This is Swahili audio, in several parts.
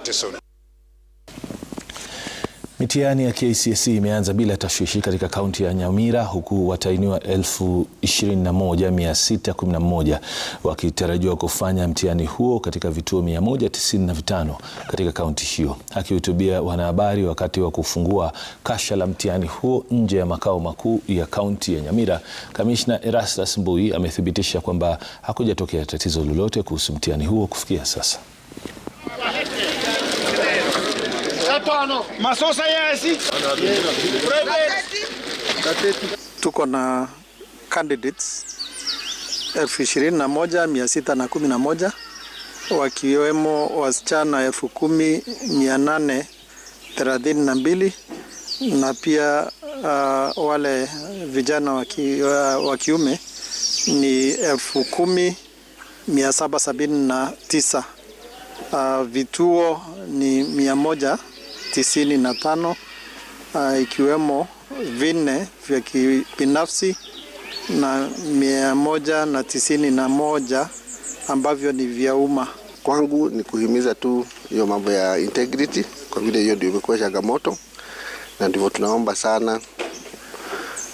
Mcteson. Mitihani ya KCSE imeanza bila tashwishi katika kaunti ya Nyamira huku watahiniwa 21611 wakitarajiwa kufanya mtihani huo katika vituo 195 katika kaunti hiyo. Akihutubia wanahabari wakati wa kufungua kasha la mtihani huo nje ya makao makuu ya kaunti ya Nyamira, Kamishna Erastus Mbui amethibitisha kwamba hakujatokea tatizo lolote kuhusu mtihani huo kufikia sasa. Masosa yasi. Tuko na candidates elfu ishirini na moja mia sita na kumi na moja wakiwemo wasichana elfu kumi mia nane thelathini na mbili na pia uh, wale vijana wa uh, kiume ni elfu kumi mia saba sabini na tisa. Uh, vituo ni mia moja tisini na tano uh, ikiwemo vinne vya kibinafsi na mia moja na tisini na moja ambavyo ni vya umma. Kwangu ni kuhimiza tu hiyo mambo ya integrity, kwa vile hiyo ndio imekuwa changamoto, na ndivyo tunaomba sana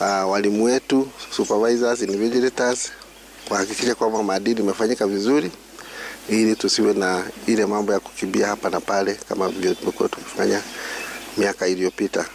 uh, walimu wetu supervisors, invigilators kuhakikisha kwamba maadili imefanyika vizuri ili tusiwe na ile mambo ya kukimbia hapa na pale kama vile tumekuwa tukifanya miaka iliyopita.